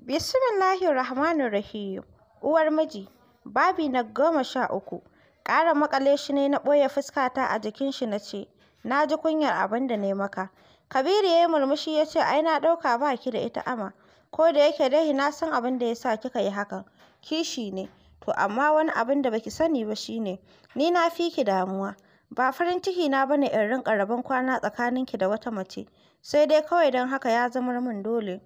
Bismillahir Uwar miji, babi na goma sha uku. Ƙara maƙale shi ne na ɓoye fuskata a jikin shi na ce, na ji kunyar abin da na maka. Kabiru ya yi murmushi ya ce, ai na ɗauka ba ki da ita ama. Ko da yake dai na san abin da ya sa kika yi hakan. Kishi ne. To amma wani abin da baki sani ba shi ne. ni na fi ki damuwa. Ba farin ciki na bane in rinƙa rabon kwana tsakaninki da wata mace. Sai dai kawai don haka ya zama min dole.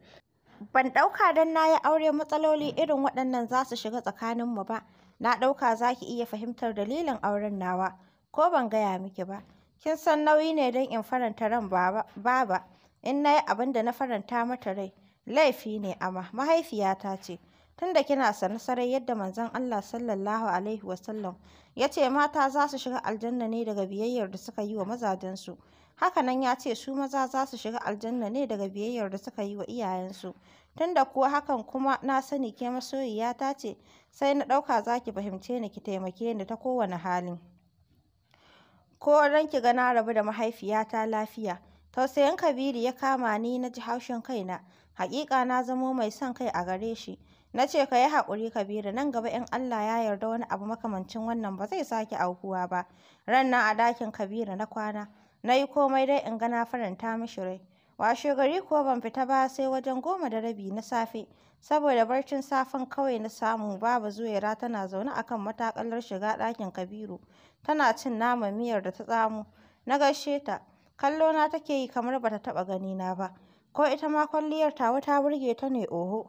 Ban ɗauka don na yi aure matsaloli irin waɗannan za su shiga tsakaninmu ba. Na ɗauka za ki iya fahimtar dalilin auren nawa, ko ban gaya miki ba. Kin san nauyi ne don in faranta ran Baba. In na yi abin da na faranta mata rai, laifi ne ama, mahaifiyata ce. Tunda kina sane sarai yadda manzon Allah sallallahu alaihi wasallam ya ce mata za su shiga aljanna ne daga biyayyar da suka yi wa mazajensu. Hakanan ya ce su maza za su shiga aljanna ne daga biyayyar da suka yi wa iyayensu. tunda kuwa hakan kuma na sani ke masoyiyata ce sai na ɗauka za ki fahimce ni ki taimake ni ta kowane hali ko ran ki ga na rabu da mahaifiyata lafiya tausayin kabiru ya kama ni na ji haushin kaina haƙiƙa na zamo mai son kai a gare shi na ce ka yi haƙuri kabiru nan gaba in allah ya yarda wani abu makamancin wannan ba zai sake aukuwa ba ran na a dakin kabiru na kwana na yi komai dai in ga na faranta mishi rai Washe gari kuwa ban fita ba sai wajen goma da rabi na safe, saboda barcin safen kawai na samu babu Zuwaira tana zaune a kan matakalar shiga ɗakin Kabiru, tana cin naman miyar da ta tsamo. Na gaishe ta, kallona take yi kamar ba ta taɓa na ba, ko ita ma kwalliyar tawa ta burge ta ne oho.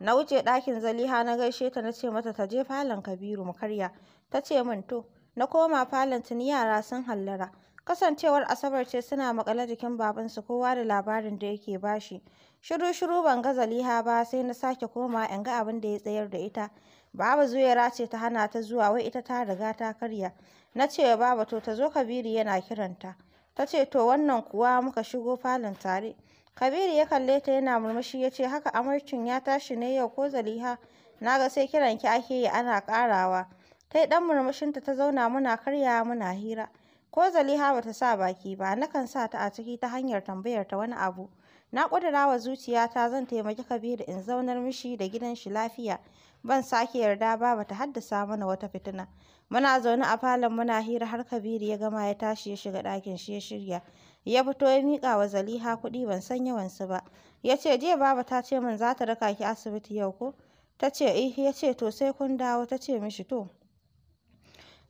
Na wuce ɗakin Zaliha na gaishe ta na ce mata ta je falon Kabiru mu karya, ta ce min to. Na koma falon tuni yara sun hallara, Kasancewar Asabar ce suna maƙale jikin babansu kowa da labarin da yake bashi. Shiru-shiru ban ga Zaliha ba sai na sake koma in ga abin da ya tsayar da ita. Babu Zuwaira ce ta hana ta zuwa wai ita ta riga ta karya. Na ce wa Baba to ta zo Kabiru yana kiranta. Ta ce to wannan kuwa muka shigo falon tare. Kabiru ya kalle ta yana murmushi ya ce haka amarcin ya tashi ne yau ko Zaliha. Na ga sai ki ake yi ana karawa Ta yi dan murmushinta ta zauna muna karya muna hira. ko Zaliha ba ta sa baki ba nakan sa ta a ciki ta hanyar tambayar ta wani abu na ƙudura wa zuciyata zan taimaki Kabiru in zaunar mishi da gidan shi lafiya ban sake yarda ba ba ta haddasa mana wata fitina muna zaune a falon muna hira har Kabiru ya gama ya tashi ya shiga ɗakin shi ya shirya ya fito ya miƙa wa Zaliha kuɗi ban san yawansu ba ya ce jiya baba ta ce min za ta raka ki asibiti yau ko ta ce eh ya ce to sai kun dawo ta ce mishi to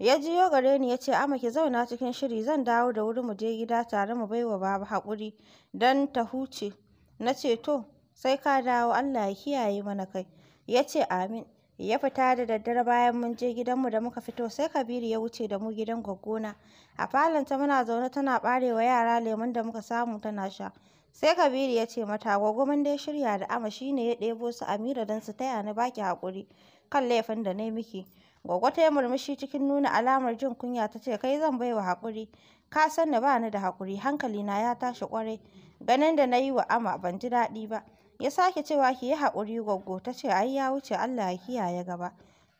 Ya jiyo gare ni ya ce, Ama ki zauna cikin shiri zan dawo da wuri mu je gida tare mu baiwa babu haƙuri don ta huce. Na ce, To, sai ka dawo Allah ya kiyaye mana kai. Ya ce, Amin. Ya fita da daddare bayan mun je gidanmu da muka fito sai Kabiru ya wuce da mu gidan gwaggona. A falonta muna zaune tana barewa yara lemun da muka samu tana sha. Sai Kabiru ya ce mata, Gwaggo mun dai shirya da Ama shine ya ɗebo su Amira don su taya ni baki haƙuri kan laifin da na miki. Gwaggo ta yi murmushi cikin nuna alamar jin kunya ta ce, Kai zan baiwa haƙuri. Ka san da ba ni da haƙuri, na ya tashi kwarai. Ganin da na yi wa ama ban ji daɗi ba. Ya sake cewa ki yi haƙuri gwaggo, ta ce ai ya wuce Allah ya kiyaye gaba.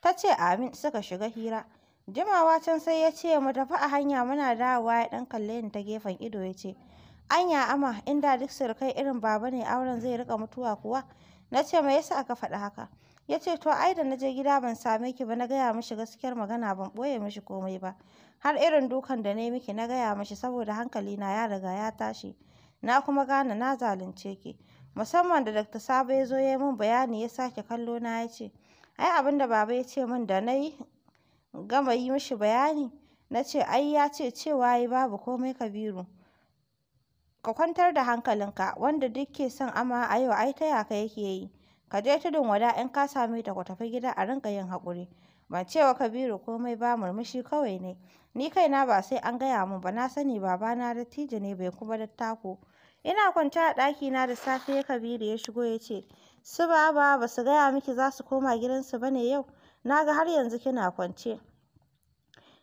Ta ce amin suka shiga hira. Jimawa can sai ya ce mu tafi a hanya muna dawowa ya ɗan kalle ni ta gefen ido ya ce, Anya ama in da duk surukai irin baba ne auren zai riƙa mutuwa kuwa? Na ce me yasa aka faɗi haka? ya ce to ai da na je gida ban same ki ba na gaya mishi gaskiyar magana ban ɓoye mishi komai ba har irin dukan da na miki na gaya mishi saboda hankali na ya riga ya tashi na kuma gane na zalunce ki musamman da Dr. Sabo ya zo ya yi min bayani ya sake kallo na ya ce ai abin da baba ya ce min da na gama yi mishi bayani na ce ai ya ce cewa yi babu komai Kabiru ka kwantar da hankalinka wanda duk ke son ama a yau ai taya ka yake yi ka je tudun wada in ka same ta ku tafi gida a rinka yin haƙuri Ba cewa kabiru komai ba murmushi kawai ne ni kaina ba sai an gaya min ba na sani babana dattijo ne bai kuma dattako ina kwanta a ɗakina da safe kabiru ya shigo ya ce su baba ba su gaya miki za su koma gidansu ba ne yau na ga har yanzu kina kwance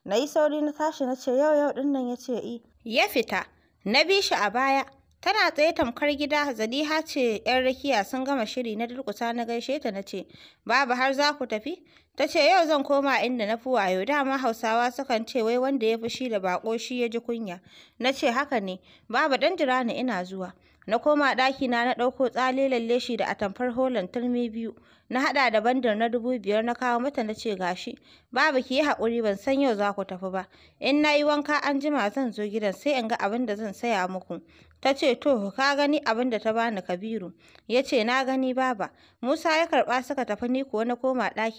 na yi sauri na tashi na ce yau yau ɗin nan ya ce i ya fita na bi shi a baya Tana tsaye tamkar gida, Zaliha ce ‘yan rakiya sun gama shiri na durkusa na gaishe ta na ce, Babu har za ku tafi? Ta ce, Yau zan koma inda na fi wayo, dama Hausawa sukan ce wai wanda ya fi shi da bako shi ya ji kunya. Na ce, Haka ne, Babu ɗan jira ni ina zuwa. Na koma ɗakina na ɗauko tsale lalle shi da atamfar holan turmi biyu. Na haɗa da bandar na dubu biyar na kawo mata na ce gashi. Babu ki yi hakuri ban san yau za ku tafi ba. In na yi wanka an jima zan zo gidan sai in ga abin da zan saya muku. Ta ce, To, ka gani abin da ta bani Kabiru. Ya ce, Na gani baba. Musa ya karɓa suka tafi ni kuwa na koma na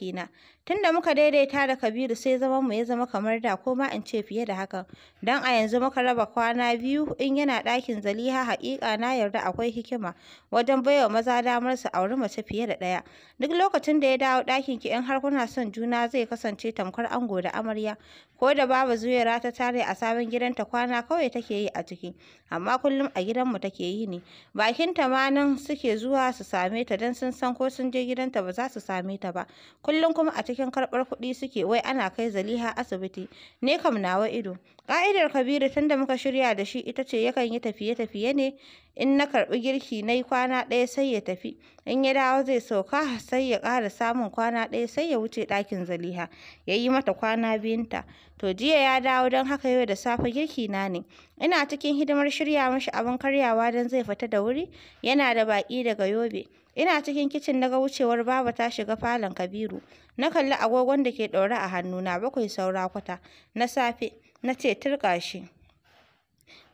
Tunda muka daidaita da Kabiru sai zaman mu ya zama kamar da ko ma in ce fiye da haka Don a yanzu muka raba kwana biyu in yana ɗakin Zaliha haƙiƙa na yarda akwai hikima wajen baiwa maza damar su auri mace fiye da ɗaya. Duk lokacin da ya dawo ɗakin ki in har kuna son juna zai kasance tamkar ango da amarya. Ko da baba zuwera ta tare a sabon gidanta kwana kawai take yi a ciki. Amma kullum a a gidanmu take yi ne bakin ta ma nan suke zuwa su same ta don sun san ko sun je gidanta ba za su same ta ba kullum kuma a cikin karɓar kuɗi suke wai ana kai zaliha asibiti ne kam nawa ido Ka'idar kabiru tunda muka shirya da shi ita ce yakan yi tafiye-tafiye ne in na karɓi girki na yi kwana ɗaya sai ya tafi in ya dawo zai sauka sai ya ƙara samun kwana ɗaya sai ya wuce ɗakin zaliha ya yi mata kwana biyunta to jiya ya dawo don haka yau da safe girki na ne ina cikin hidimar shirya mashi abin karyawa don zai fita da wuri yana da baƙi daga yobe ina cikin kicin na ga wucewar baba ta shiga falon kabiru na kalli agogon da ke ɗaure a hannuna bakwai saura kwata na safe na ce turƙa shi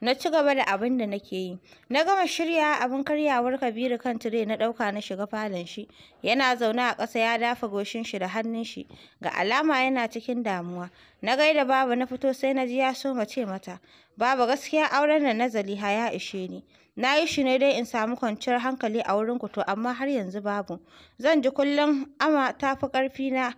na ci gaba da abin da nake yi na gama shirya abin karyawar kabiru kan tire na ɗauka na shiga falon shi yana zaune a ƙasa ya dafa goshin shi da hannun shi ga alama yana cikin damuwa na gaida babu na fito sai na ji ya so mace mata Babu gaskiya auren da na zaliha ya ishe ni na yi shi ne dai in samu kwanciyar hankali a wurin ku to amma har yanzu babu zan ji kullum ama ta fi ƙarfi na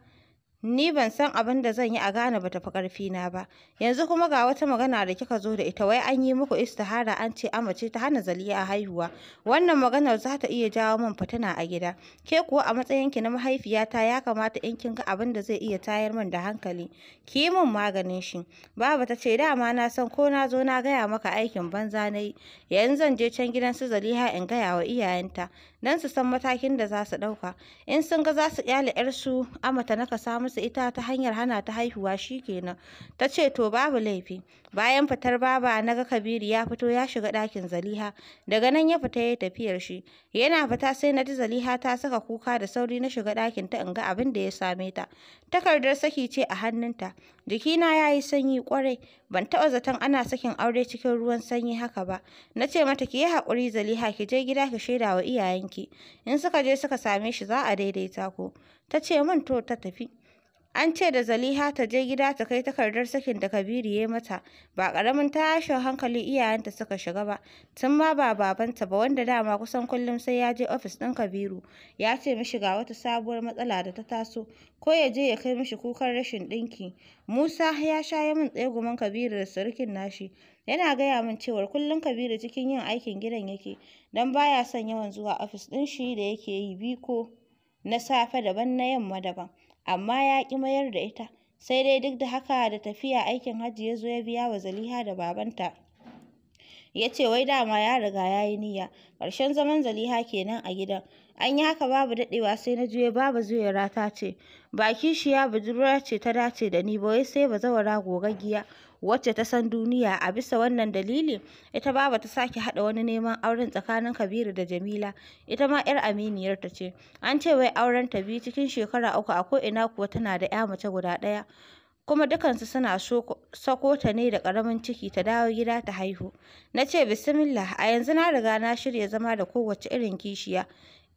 ni ban san abin da zan yi a gane ba tafi na ba yanzu kuma ga wata magana da kika zo da ita wai an yi muku istihara an ce amace ta hana zali a haihuwa wannan maganar za ta iya jawo min fitina a gida ke kuwa a matsayin matsayinki na mahaifiyata ya kamata in kin ga abin da zai iya tayar min da hankali ki yi min maganin shi baba ta ce dama na san ko na zo na gaya maka aikin banza na yi yanzu zan je can gidan su zaliha in gaya wa iyayenta don su san matakin da za su ɗauka in sun ga za su ƙyale 'yarsu amata na kasa musu ita ta hanyar hana ta haihuwa Shi kenan ta ce to babu laifi bayan fitar baba na ga kabiru ya fito ya shiga ɗakin zaliha daga nan ya fita ya tafiyar shi yana fita sai na ji zaliha ta saka kuka da sauri na shiga ɗakin ta in ga abin da ya same ta takardar saki ce a hannunta jikina ya yi sanyi kwarai. ban taɓa zaton ana sakin aure cikin ruwan sanyi haka ba na ce mata ki yi haƙuri zaliha ki je gida ki shaida wa iyayenki in suka je suka same shi za a daidaita ku ta ce min to ta tafi An ce da Zaliha ta je gida ta kai takardar sakin da Kabiru ya mata. Ba ƙaramin tashin hankali iyayenta suka shiga ba, tun ma ba babanta ba wanda dama kusan kullum sai ya je ofis ɗin Kabiru. Ya ce mishi ga wata sabuwar matsala da ta taso, ko ya je ya kai mishi kukan rashin ɗinki. Musa ya sha ya min tsegumin Kabiru da surukin nashi. yana gaya min cewar kullum Kabiru cikin yin aikin gidan yake don baya son yawan zuwa ofis ɗin shi da yake yi biko na safe daban na yamma daban. amma ya ƙi mayar da ita. Sai dai duk da haka da tafiya aikin hajji ya zo ya biya wa Zaliha da babanta. Ya ce wai dama ya riga ya yi niyya. Ƙarshen zaman Zaliha kenan a gidan. An yi haka babu daɗewa sai na juya babu zuwaira ta ce, ba kishiya budurwa ce ta dace da ni ba wai sai bazawara gogaggiya wacce ta san duniya a bisa wannan dalili ita ba ta sake haɗa wani neman auren tsakanin kabiru da jamila ita ma yar aminiyar ta ce an ce wai auren ta biyu cikin shekara uku a ko ina kuwa tana da ya mace guda ɗaya kuma dukansu suna sako ta ne da ƙaramin ciki ta dawo gida ta haihu na ce bismillah a yanzu na riga na shirya zama da kowace irin kishiya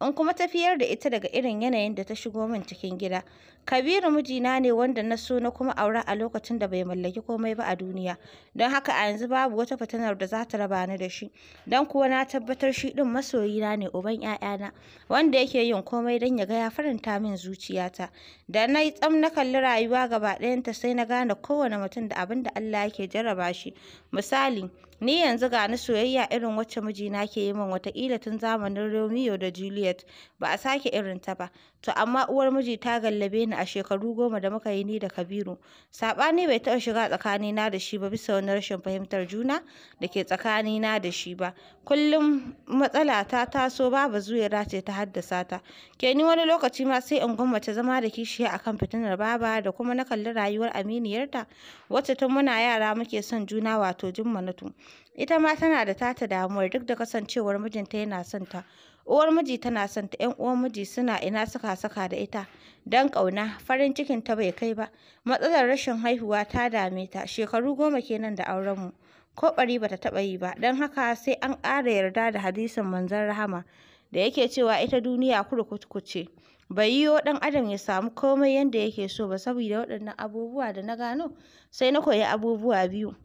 in kuma tafiyar da ita daga irin yanayin da ta shigo min cikin gida. Kabiru mijina ne wanda na so na kuma aura a lokacin da bai mallaki komai ba a duniya, don haka a yanzu babu wata fitinar da za ta raba ni da shi, don kuwa na tabbatar shi din masoyina ne uban ‘ya'yana, wanda yake yin komai don ya ga ya faranta min zuciyata. Da na yi tsam na kalli rayuwa gaba ɗayanta sai na gane kowane mutum da abin da Allah yake jarraba shi. Misali, Ni yanzu ga ni soyayya irin wacce mijina ke yi min watakila tun zamanin Romeo da Juliet ba a sake irin ta ba. To amma uwar miji ta gallabe ni a shekaru goma da muka yi ni da Kabiru. Saɓani bai taɓa shiga tsakanina da shi ba bisa wani rashin fahimtar juna da ke tsakanina da shi ba. Kullum matsala ta taso babu zuwa ce ta haddasa ta. Ke ni wani lokaci ma sai in gwammace zama da kishiya a kan fitinar baba da kuma na kalli rayuwar aminiyarta wacce tun muna yara muke son juna wato Jummanatu. Ita ma tana da tata damuwar duk da kasancewar mijinta yana son ta. uwar miji tana son ta ƴan uwar miji suna ina suka saka da ita dan ƙauna farin cikin ta bai kai ba matsalar rashin haihuwa ta dame ta shekaru goma kenan da auren mu ko bari bata taɓa yi ba dan haka sai an ƙara yarda da hadisin manzon rahama da yake cewa ita duniya kurkuku ce bai yiwo ɗan adam ya samu komai yadda yake so ba saboda waɗannan abubuwa da na gano sai na koyi abubuwa biyu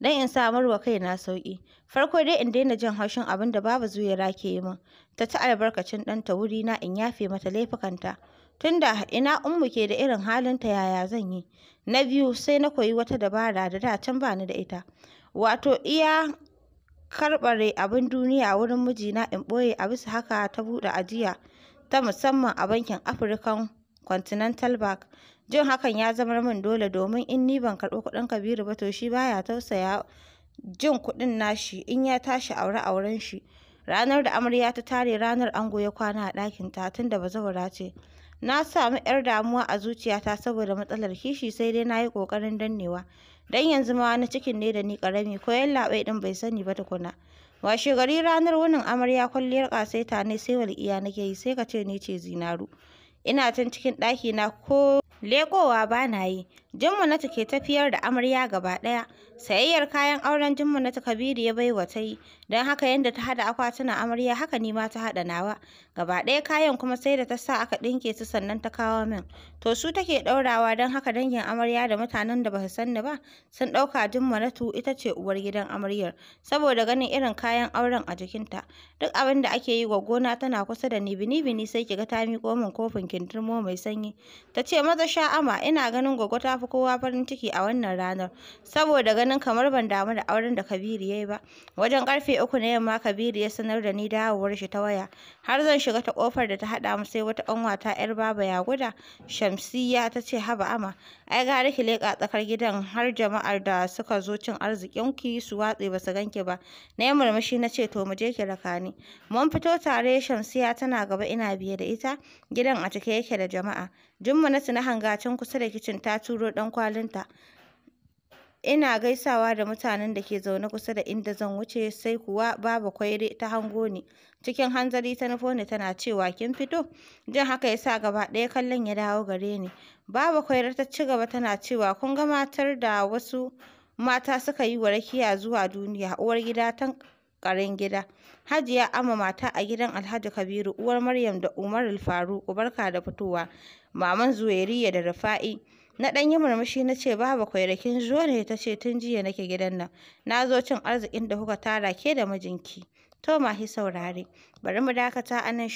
don in samar wa kaina sauƙi. Farko dai in daina jin haushin abin da Baba Zuwaira ke yi min, ta ci albarkacin ɗanta wurina in yafe mata laifukanta. Tunda ina Ummu ke da irin halinta yaya zan yi? Na biyu sai na koyi wata dabara da da can bani da ita. Wato iya karɓare abin duniya wurin mijina in ɓoye a bisa haka ta buɗe ajiya ta musamman a bankin African Continental Bank jin hakan ya zama min dole domin in ni ban karɓi kuɗin kabiru ba to shi baya tausaya jin kuɗin nashi in ya tashi aure auren shi ranar da amarya ta tare ranar ango ya kwana a ɗakin ta tunda bazawara ce na samu 'yar damuwa a zuciyata saboda matsalar kishi sai dai na yi ƙoƙarin dannewa dan yanzu ma wani cikin ne da ni karami ko labai ɗin bai sani ba tukuna washe gari ranar wunin amarya kwalliyar ƙasaita ne sai iya nake yi sai ka ce ni ce zinaru ina can cikin ɗakina ko leƙowa ba na yi Jummunatu ke tafiyar da amarya gaba ɗaya. Sayayyar kayan auren Jummunatu Kabiru ya baiwa ta yi, don haka yadda ta haɗa akwatuna amarya haka ni ma ta haɗa nawa. Gaba ɗaya kayan kuma sai da ta sa aka ɗinke su sannan ta kawo min. To su take ɗaurawa don haka dangin amarya da mutanen da ba su san ni ba sun ɗauka tu ita ce uwar gidan amaryar, saboda ganin irin kayan auren a jikinta. Duk abin da ake yi wa gona tana kusa da ni bini-bini sai ki ga ta miƙo min kofin kindirmo mai sanyi. Ta ce maza sha'ama ina ganin gwaggo ta fi kowa farin ciki a wannan ranar saboda ganin kamar ban damu da auren da Kabiru yayi ba. Wajen karfe uku na yamma Kabiru ya sanar da ni dawowar shi ta waya. Har zan shiga ta kofar da ta haɗa mu sai wata ƙanwata 'yar baba ya guda Shamsiyya ta ce haba ama ai ga ki leka tsakar gidan har jama'ar da suka zo cin arzikin ki su watse ba su ganki ba. Na yi murmushi na ce to mu je ki raka ni. Mun fito tare Shamsiyya tana gaba ina biye da ita gidan a cike yake da jama'a. Jumma'atu na hanga can kusa da kicin ta turo ɗan kwalinta. Ina gaisawa da mutanen da ke zaune kusa da inda zan wuce sai kuwa babu Kwaire ta hango ni. Cikin hanzari ta nufo ni tana cewa kin fito? Jin haka ya sa gaba ɗaya kallon ya dawo gare ni. babu Kwaire ta ci gaba tana cewa kun ga matar da wasu mata suka yi wa rakiya zuwa duniya uwar gida ta karen gida. Hajiya Amma mata a gidan Alhaji Kabiru uwar Maryam da Alfaru ku barka da fitowa. maman Zuwairiyya da Rufa'i. Na ɗan yi murmushi na ce baba kwairakin zo ne ta ce tun jiya nake gidan nan. Na zo cin arzikin da kuka tara ke da mijinki. To mahi saurare, bari mu dakata a nan